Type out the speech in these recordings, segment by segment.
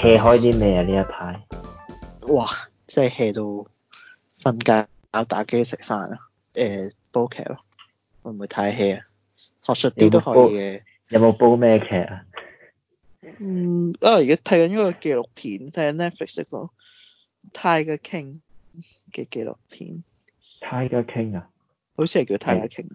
hea 開啲咩啊呢一排？哇，即係 hea 到瞓覺、打打機、食、呃、飯、誒煲劇咯。會唔會太 hea 啊？學術啲都可以嘅。有冇煲咩劇啊？嗯，啊而家睇緊呢個紀錄片，睇緊 Netflix 個 Tiger King 嘅紀錄片。Tiger King 啊？好似係叫 Tiger King，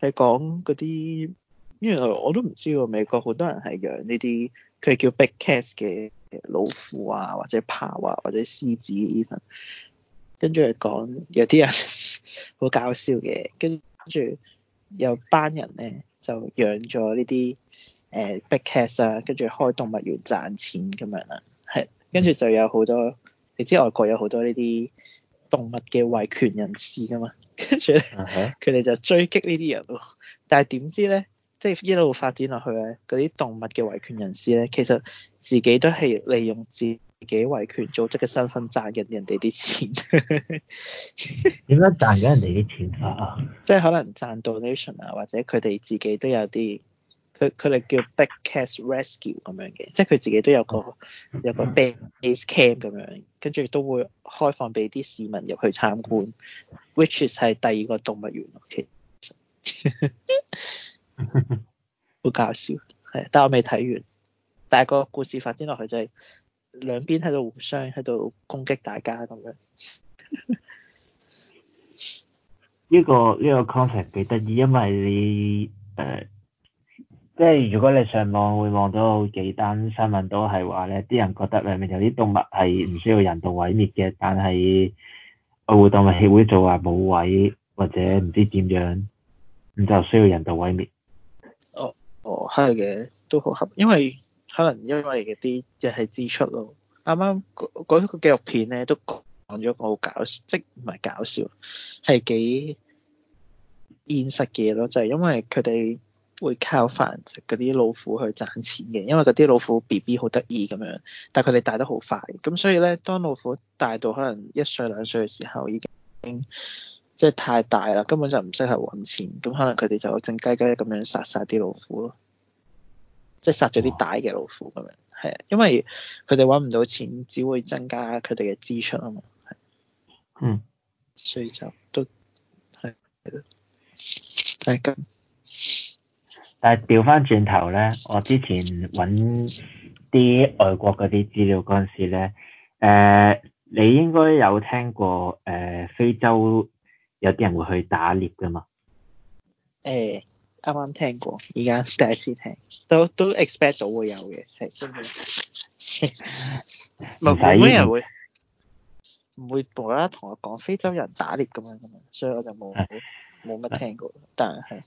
係講嗰啲，因為我，我都唔知喎，美國好多人係養呢啲。佢叫 big cats 嘅老虎啊，或者豹啊，或者獅子 even，跟住講有啲人好搞笑嘅，跟住有班人咧就養咗呢啲誒 big cats 啊，跟住、 呃啊、開動物園賺錢咁樣啦，係跟住就有好多、嗯、你知外國有好多呢啲動物嘅維權人士噶嘛，跟住咧佢哋就追擊呢啲人咯，但係點知咧？即係一路發展落去咧，嗰啲動物嘅維權人士咧，其實自己都係利用自己維權組織嘅身份賺緊人哋啲錢。點 解賺緊人哋啲錢啊？ 即係可能賺 donation 啊，或者佢哋自己都有啲，佢佢哋叫 big cat rescue 咁樣嘅，即係佢自己都有個有個 base camp 咁樣，跟住都會開放俾啲市民入去參觀 ，which is 係第二個動物園咯、啊，其 好 搞笑，係，但我未睇完。但係個故事發展落去就係兩邊喺度互相喺度攻擊，大家咁樣。呢、 這個呢、這個 concept 幾得意，因為你誒、呃，即係如果你上網會望到幾單新聞，都係話咧，啲人覺得裏面有啲動物係唔需要人道毀滅嘅，但係愛護動物協會做話冇位，或者唔知點樣，咁就需要人道毀滅。哦，係嘅，都好合，因為可能因為嗰啲日係支出咯。啱啱嗰嗰個紀錄片咧，都講咗個好搞笑，即唔係搞笑，係幾現實嘅嘢咯。就係因為佢哋會靠繁殖嗰啲老虎去賺錢嘅，因為嗰啲老虎 B B 好得意咁樣，但係佢哋大得好快，咁所以咧，當老虎大到可能一歲兩歲嘅時候已經。即係太大啦，根本就唔適合揾錢，咁可能佢哋就靜雞雞咁樣殺殺啲老虎咯，即係殺咗啲大嘅老虎咁樣，係啊、哦，因為佢哋揾唔到錢，只會增加佢哋嘅支出啊嘛，嗯，所以就都係，係咁。但係咁，但係調翻轉頭咧，我之前揾啲外國嗰啲資料嗰陣時咧，誒、呃，你應該有聽過誒、呃、非洲？有啲人會去打獵噶嘛？誒、欸，啱啱聽過，而家第一次聽，都都 expect 到會有嘅，係。冇咩 人會，唔會無啦啦同我講非洲人打獵咁樣噶嘛？所以我就冇冇乜聽過，但係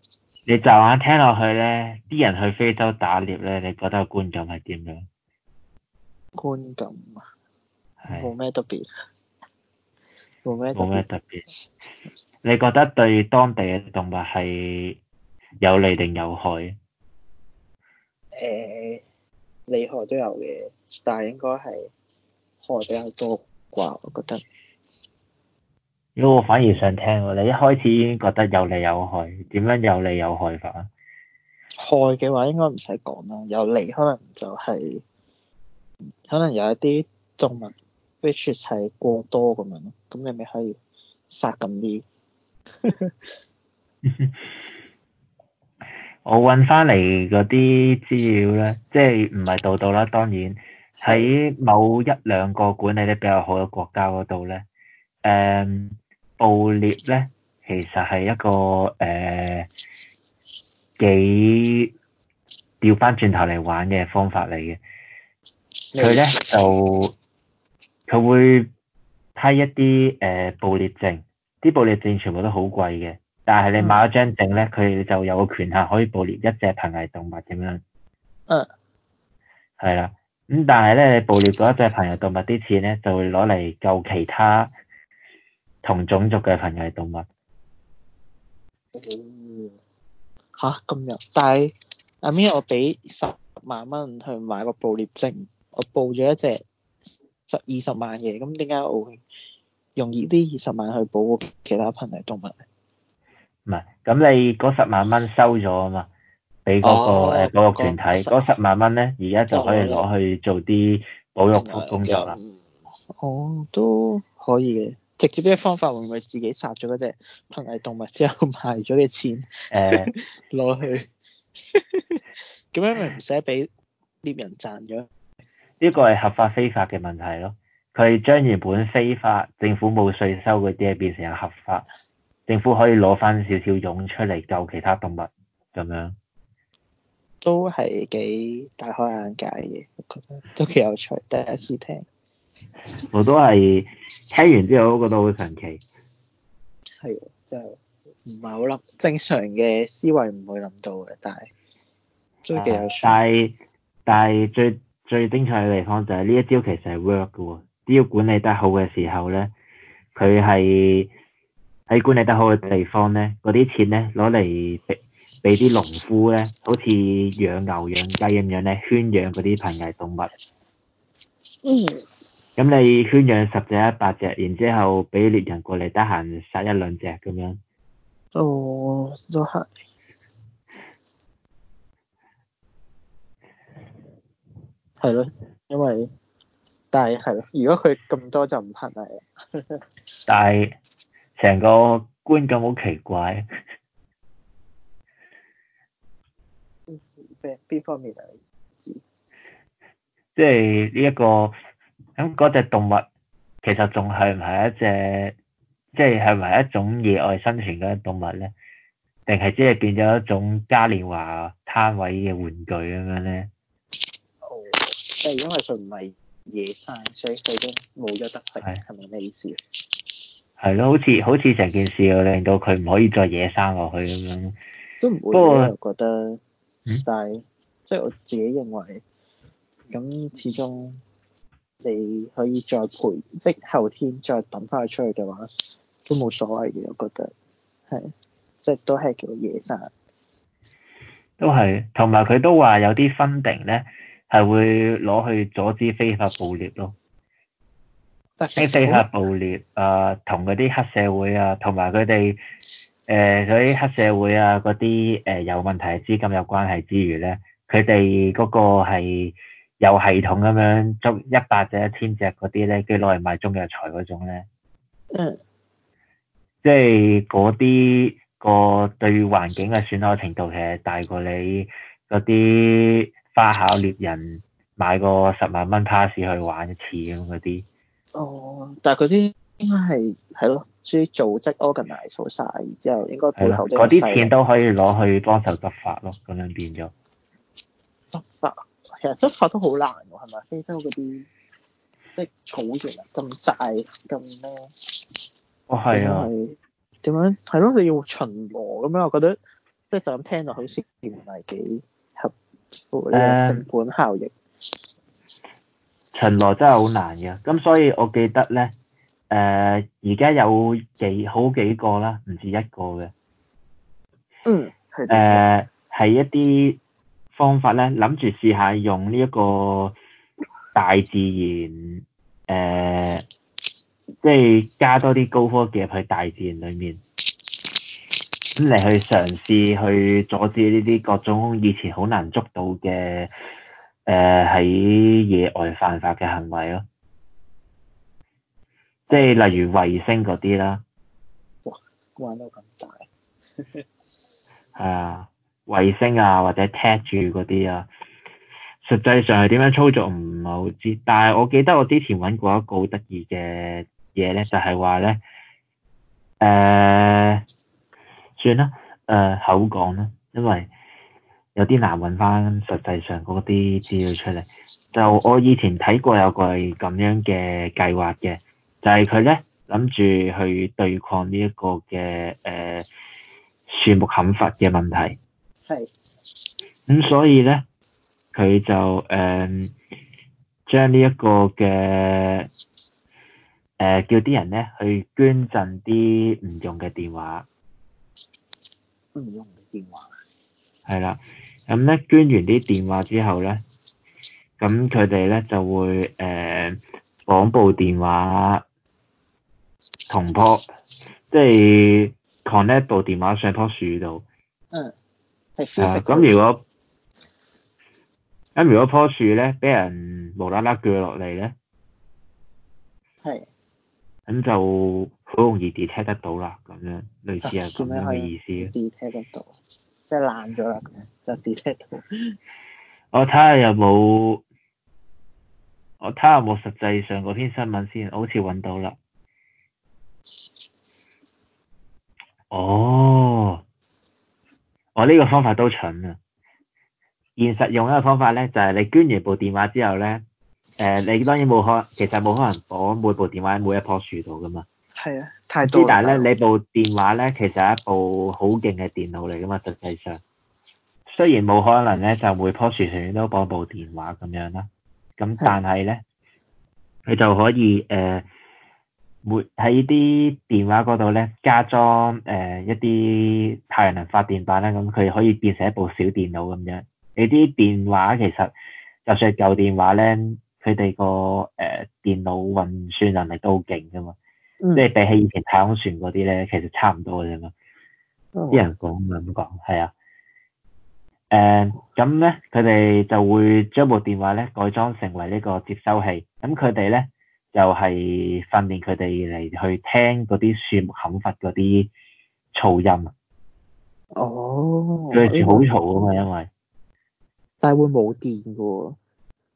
你驟眼聽落去咧，啲人去非洲打獵咧，你覺得觀感係點樣？觀感啊，冇咩特別。 冇咩特，特別，你覺得對當地嘅動物係有利定有害？誒、呃，利害都有嘅，但係應該係害比較多啩，我覺得。如果、呃、我反而想聽喎，你一開始已經覺得有利有害，點樣有利有害法？害嘅話應該唔使講啦，有利可能就係、是、可能有一啲動物。which 係過多咁樣咯，咁你咪可以殺咁啲。 我揾翻嚟嗰啲資料咧，即係唔係度度啦。當然喺某一兩個管理得比較好嘅國家嗰度咧，誒、呃，捕獵咧其實係一個誒、呃、幾調翻轉頭嚟玩嘅方法嚟嘅。佢咧就。佢會批一啲誒捕獵證，啲捕獵證全部都好貴嘅。但係你買咗張證咧，佢、嗯、就有個權限可以捕獵一隻瀕危動物咁樣、啊。嗯。係啦。咁但係咧，你捕獵嗰一隻瀕危動物啲錢咧，就會攞嚟救其他同種族嘅瀕危動物。吓、啊？咁樣？但係阿 Min，我俾十萬蚊去買個捕獵證，我捕咗一隻。十二十萬嘢，咁點解我會用呢啲二十萬去保護其他瀕危動物咧？唔係，咁你嗰十萬蚊收咗啊嘛，俾嗰、嗰個保育團體，嗰十那 10, 萬蚊咧而家就可以攞去做啲保育工作啦。哦，都可以嘅，直接啲方法會唔會自己殺咗嗰隻瀕危動物之後賣咗嘅錢誒攞、呃、 下去？咁 樣咪唔使俾獵人賺咗？呢個係合法非法嘅問題咯，佢係將原本非法、政府冇稅收嗰啲嘢變成合法，政府可以攞翻少少錢出嚟救其他動物咁樣，都係幾大開眼界嘅，我覺得都幾有趣，第一次聽。我都係聽完之後都覺得好神奇。係， 就唔係好諗，正常嘅思維唔會諗到嘅，但係都幾有趣。啊、但係但係最最精彩嘅地方就係呢一招其實係 work 嘅喎、哦，只要管理得好嘅時候咧，佢係喺管理得好嘅地方咧，嗰啲錢咧攞嚟俾俾啲農夫咧，好似養牛養雞咁樣咧，圈養嗰啲瀕危動物。咁、嗯、你圈養十隻一百隻，然之後俾獵人過嚟，得閒殺一兩隻咁樣。哦，係咯，因為但係係咯，如果佢咁多就唔拍埋。 但係成個觀感好奇怪。嗯，邊方面啊？即係呢一個咁嗰隻動物，其實仲係唔係一隻，即係係咪一種野外生存嘅隻動物咧？定係即係變咗一種嘉年華攤位嘅玩具咁樣咧？就係因為佢唔係野生，所以佢都冇咗特性，係咪咩意思？係咯，好似好似成件事又令到佢唔可以再野生落去咁樣。都唔會。不過我覺得，嗯、但係即係我自己認為，咁始終你可以再培，即係後天再揼翻佢出去嘅話，都冇所謂嘅。我覺得係，即係都係叫野生。都係，同埋佢都話有啲分定咧。係會攞去阻止非法捕獵咯。啲非法捕獵啊，同嗰啲黑社會啊，同埋佢哋誒啲黑社會啊嗰啲誒有問題嘅資金有關係之餘咧，佢哋嗰個係有系統咁樣捉一百隻一千隻嗰啲咧，跟住攞嚟賣中藥材嗰種咧。嗯。即係嗰啲個對環境嘅損害程度其實大過你嗰啲。花巧獵人買個十萬蚊 pass 去玩一次咁嗰啲，哦、嗯，但係佢啲應該係係咯，所以組織 organize 好晒，然之後應該背後都嗰啲錢都可以攞去幫手執法咯，咁樣變咗執法，其實執法都好難㗎、啊，係咪？非洲嗰啲即係草原咁大咁咩？哦係啊，點、哦啊、樣係咯？你要巡邏咁樣，我覺得即係就咁、是、聽落去先唔係幾。誒，uh, 成本效益，巡邏真係好難嘅，咁所以我記得咧，誒而家有幾好幾個啦，唔止一個嘅，嗯，誒係、呃、一啲方法咧，諗住試下用呢一個大自然，誒即係加多啲高科技入去大自然裏面。嚟去嘗試去阻止呢啲各種以前好難捉到嘅誒喺野外犯法嘅行為咯，啊，即係例如衛星嗰啲啦。哇！玩到咁大，係 啊，衛星啊，或者踢住嗰啲啊，實際上係點樣操作唔係好知，但係我記得我之前揾過一個好得意嘅嘢咧，就係話咧誒。呃算啦，誒、呃、口講啦，因為有啲難揾翻實際上嗰啲資料出嚟。就我以前睇過有個咁樣嘅計劃嘅，就係佢咧諗住去對抗呢一個嘅誒、呃、樹木砍伐嘅問題。係是。咁、嗯、所以咧，佢就誒將、呃呃、呢一個嘅誒叫啲人咧去捐贈啲唔用嘅電話。用啲電話，係啦、嗯。咁咧捐完啲電話之後咧，咁佢哋咧就會誒綁部電話同樖，即係 connect 部電話上樖樹度。嗯，係咁如果咁如果樖樹咧俾人無啦啦鋸落嚟咧，係，咁就。好容易 detect 得到啦，咁樣類似係咁樣嘅意思，detect 得到，即係爛咗啦，咁樣就 detect 到。 我睇下有冇，我睇下有冇實際上嗰篇新聞先，我好似搵到啦。哦，我呢、oh，個方法都蠢啊！現實用嘅方法咧，就係、是、你捐完部電話之後咧，誒、呃，你當然冇可，其實冇可能綁每部電話每一棵樹度噶嘛。係啊，太多。之但咧， 你部電話咧，其實係一部好勁嘅電腦嚟噶嘛。實際上，雖然冇可能咧，就每棵樹樹都播部電話咁樣啦。咁但係咧，佢 就可以誒，沒喺啲電話嗰度咧，加裝誒、呃、一啲太陽能發電板啦，咁佢可以變成一部小電腦咁樣。你啲電話其實就算係舊電話咧，佢哋個誒電腦運算能力都好勁噶嘛。嗯、即係比起以前太空船嗰啲咧，其實差唔多嘅啫嘛。啲、哦、人講咪咁講，係啊。誒、嗯，咁咧佢哋就會將部電話咧改裝成為呢個接收器。咁佢哋咧就係訓練佢哋嚟去聽嗰啲樹木砍伐嗰啲噪音啊。哦。對住好嘈啊嘛，因為。但係會冇電㗎喎。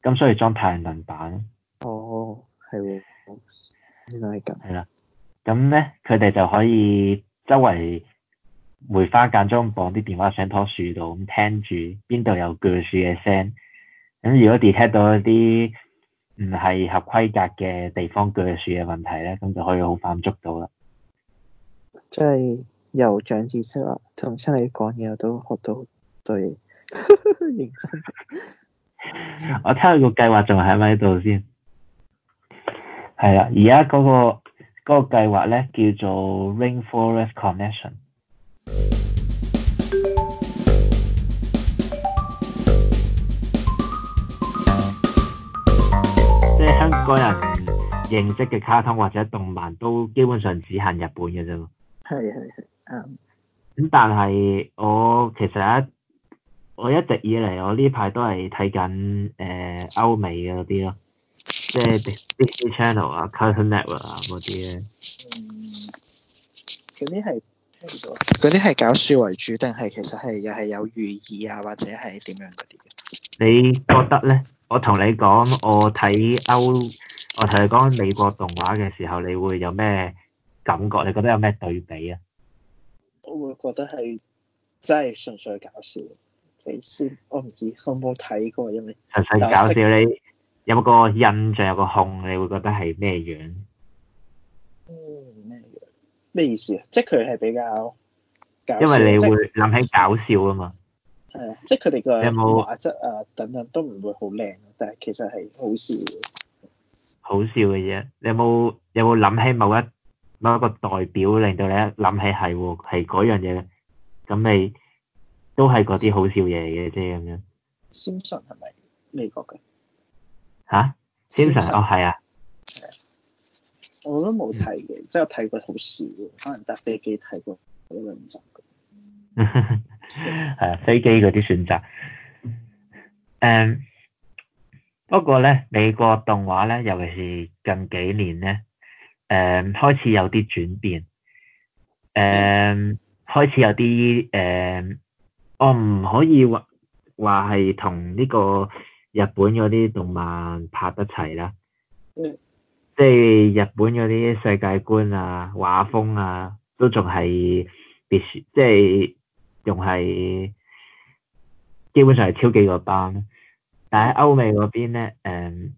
咁所以裝太陽能板。哦，係喎。原來係咁。係啦。咁咧，佢哋就可以周圍梅花間中放啲電話上樖樹度，咁聽住邊度有鋸樹嘅聲。咁如果 detect 到一啲唔係合規格嘅地方鋸樹嘅問題咧，咁就可以好快捉到啦。即係由長知識啦，同出嚟講嘢我都學到好多嘢。認真。我聽佢個計劃仲喺咪喺度先？係啊，而家嗰個。嗰個計劃咧叫做 Rainforest Connection，即係香港人認識嘅卡通或者動漫都基本上只限日本嘅啫。係係係，咁 但係我其實一，我一直以嚟我呢排都係睇緊誒歐美嗰啲咯。即係 Disney Channel 啊、Cartoon Network 啊嗰啲咧，嗯，嗰啲係，嗰啲係搞笑為主定係其實係又係有寓意啊或者係點樣嗰啲？你覺得咧？我同你講，我睇歐，我同你講美國動畫嘅時候，你會有咩感覺？你覺得有咩對比啊？我會覺得係真係純粹搞笑，你先，我唔知我冇睇過因為純粹搞笑你。有個印象有個空，你會覺得係咩樣？嗯，咩樣？咩意思啊？即係佢係比較搞笑，即係因為你會諗起搞笑啊嘛。係啊，即係佢哋個有冇畫質啊等等都唔會好靚，但係其實係好笑嘅。好笑嘅嘢，你有冇有冇諗起某一某一個代表，令到你一諗起係喎係嗰樣嘢，咁你都係嗰啲好笑嘢嘅啫咁樣。《辛普森》係咪美國嘅？啊，天神 Simpson? oh, 啊，係啊，我都冇睇嘅，即係我睇過好少，可能搭飛機睇過嗰兩集。係 啊，飛機嗰啲選擇。誒、um，不過咧，美國動畫咧，尤其是近幾年咧，誒，開始有啲轉變。誒，開始有啲誒、嗯嗯，我唔可以話話係同呢個。日本嗰啲動漫拍得齊啦，即係日本嗰啲世界觀啊、畫風啊，都仲係別選，即係仲係基本上係超勁個班。但喺歐美嗰邊咧，誒，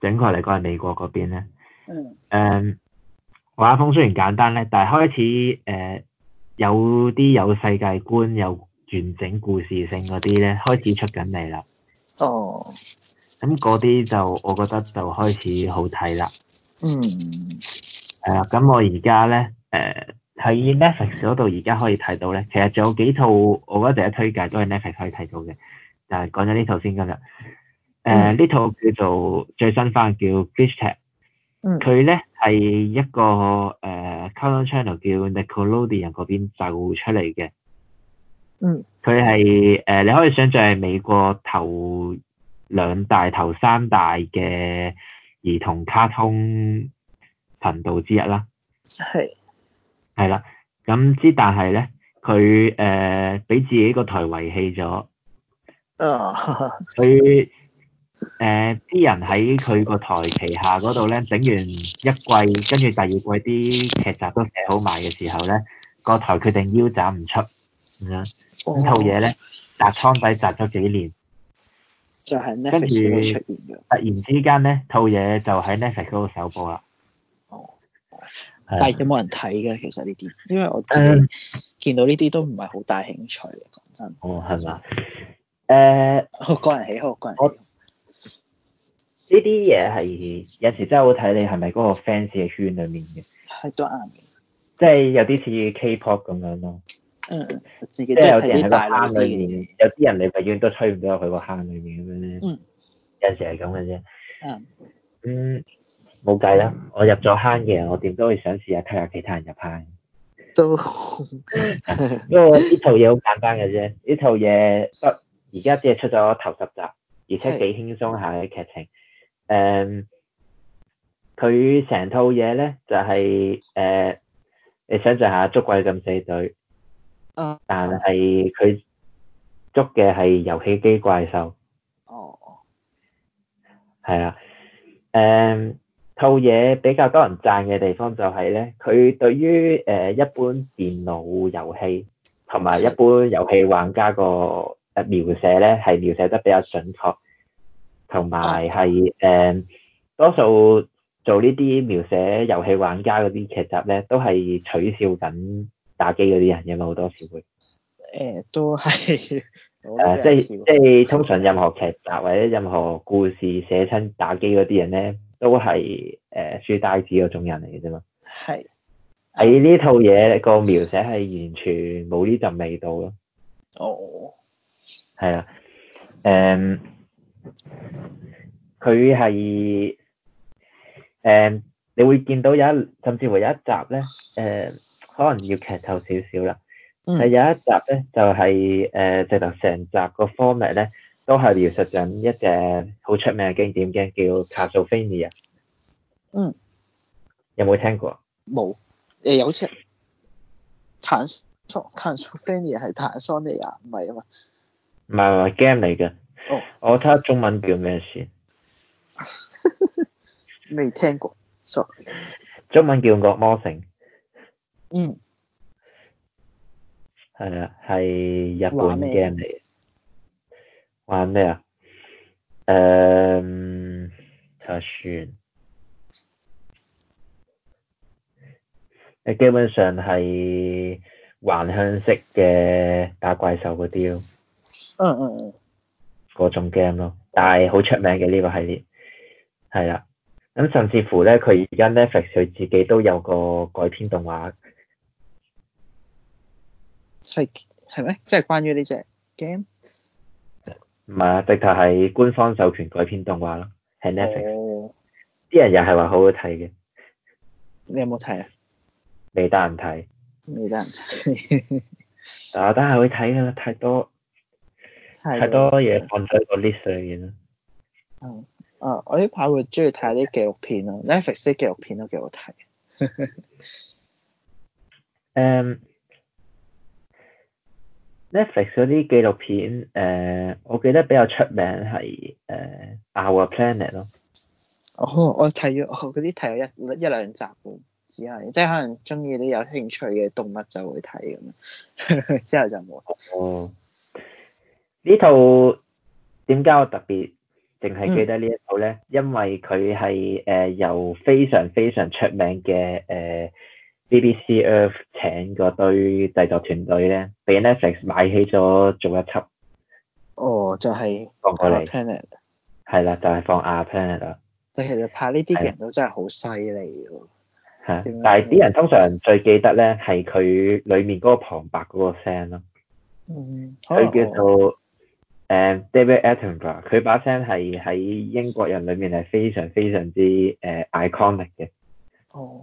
整個嚟講係美國嗰邊咧，嗯，誒，畫、嗯、風雖然簡單咧，但係開始誒、呃、有啲有世界觀、有完整故事性嗰啲咧，開始出緊嚟啦。哦，咁啲、oh. 就我覺得就開始好睇啦。嗯、mm. 呃，係啊，咁我而家咧，誒喺 Netflix 度而家可以睇到咧。其實仲有幾套我覺得值得推介，都係 Netflix 可以睇到嘅。但係講咗呢套先今日。誒、呃、呢、mm. 套叫做最新番叫《Glitch Techs》，佢咧係一個誒 color Channel 叫 Nickelodeon 邊就出嚟嘅。嗯，佢係誒你可以想像係美國頭兩大、頭三大嘅兒童卡通頻道之一啦。係，係啦，咁之但係咧，佢誒俾自己個台遺棄咗。啊，佢誒啲人喺佢個台旗下嗰度咧，整完一季，跟住第二季啲劇集都寫好埋嘅時候咧，個台決定腰斬唔出咁樣。嗯套嘢咧，砸倉底砸咗幾年，就係 Netflix 出現嘅。突然之間咧，套嘢就喺 Netflix 嗰度首播啦。哦，嗯、但係有冇人睇嘅？其實呢啲，因為我自、嗯、見到呢啲都唔係好大興趣嘅，講真。哦，係嘛？誒、呃，個人喜好，個人喜好。呢啲嘢係有時真係好睇，你係咪嗰個 fans 嘅圈裏面嘅？係都啱嘅。即係有啲似 K-pop 咁樣咯。嗯，即係有啲人喺個坑裏面，嗯、有啲人你永遠都吹唔到佢去個坑裏面咁樣咧。嗯、有時係咁嘅啫。嗯，冇計啦，我入咗坑嘅，我點都會想試下睇下其他人入坑。都，好， 因為呢套嘢好簡單嘅啫，呢套嘢得而家只係出咗頭十集，而且幾輕鬆下嘅劇情。誒的，佢成、嗯、套嘢咧就係、是、誒、呃，你想像下捉鬼敢死隊。但係佢捉嘅係遊戲機怪獸。哦，係啊，誒、嗯、套嘢比較多人讚嘅地方就係咧，佢對於誒、呃、一般電腦遊戲同埋一般遊戲玩家個描寫咧，係描寫得比較準確，同埋係誒多數做呢啲描寫遊戲玩家嗰啲劇集咧，都係取笑緊。打機嗰啲人，有冇好多時會，誒、欸，都係誒、 啊，即係 即係通常任何劇集或者任何故事寫親打機嗰啲人咧，都係誒、呃、書呆子嗰種人嚟嘅啫嘛。係喺呢套嘢個描寫係完全冇呢陣味道咯。哦，係啊，誒、嗯，佢係誒，你會見到有一甚至乎有一集咧，誒、嗯。可能要劇透少少啦，係、嗯、有一集咧、就是，就係誒，直頭成集個 format 咧，都係描述緊一隻好出名嘅經典 game 叫、so《Castlevania》。嗯。有冇、哦、 聽過？冇，誒有出。卡索卡索菲尼係坦桑尼亞，唔係啊嘛。唔係唔係 game 嚟嘅。我睇下中文叫咩先。未聽過，sorry。中文叫惡魔城。嗯，係啊，係日本 game 嚟嘅。玩咩啊？誒、嗯，就算。誒，基本上係橫向式嘅打怪獸嗰啲咯。嗯嗯嗯。嗰種 game 咯，但係好出名嘅呢個系列。係啦，咁甚至乎咧，佢而家 Netflix 佢自己都有個改編動畫。係係咩？即係關於呢隻 game？唔係啊，直頭係官方授權改編動畫咯，係 Netflix、呃。啲人又係話好好睇嘅。你有冇睇啊？未得閒睇。未得閒睇。啊，但係會睇嘅，太多太多嘢放喺個 list 上面咯。嗯，我呢排會中意睇啲紀錄片咯，Netflix 啲紀錄片都幾好睇。誒、 嗯。Netflix 嗰啲紀錄片，誒、呃，我記得比較出名係誒、呃《Our Planet》咯。哦、我我睇咗，嗰啲睇咗一一兩集只係即係可能中意啲有興趣嘅動物就會睇咁樣， 之後就冇。哦，哦，呢套點解我特別淨係記得呢一套咧？嗯、因為佢係誒由非常非常出名嘅誒。呃 BBC Earth 請嗰堆製作團隊咧，畀 Netflix 買起咗做一輯。哦，就係、是《Our Planet》。係啦，就係、是、放《Our Planet》。但其實拍呢啲人都真係好犀利喎。的但係啲人通常最記得咧，係佢裡面嗰個旁白嗰個聲咯。嗯。佢叫做誒、哦哦 uh, David Attenborough，佢把聲係喺英國人裏面係非常非常之誒、uh, iconic 嘅。哦。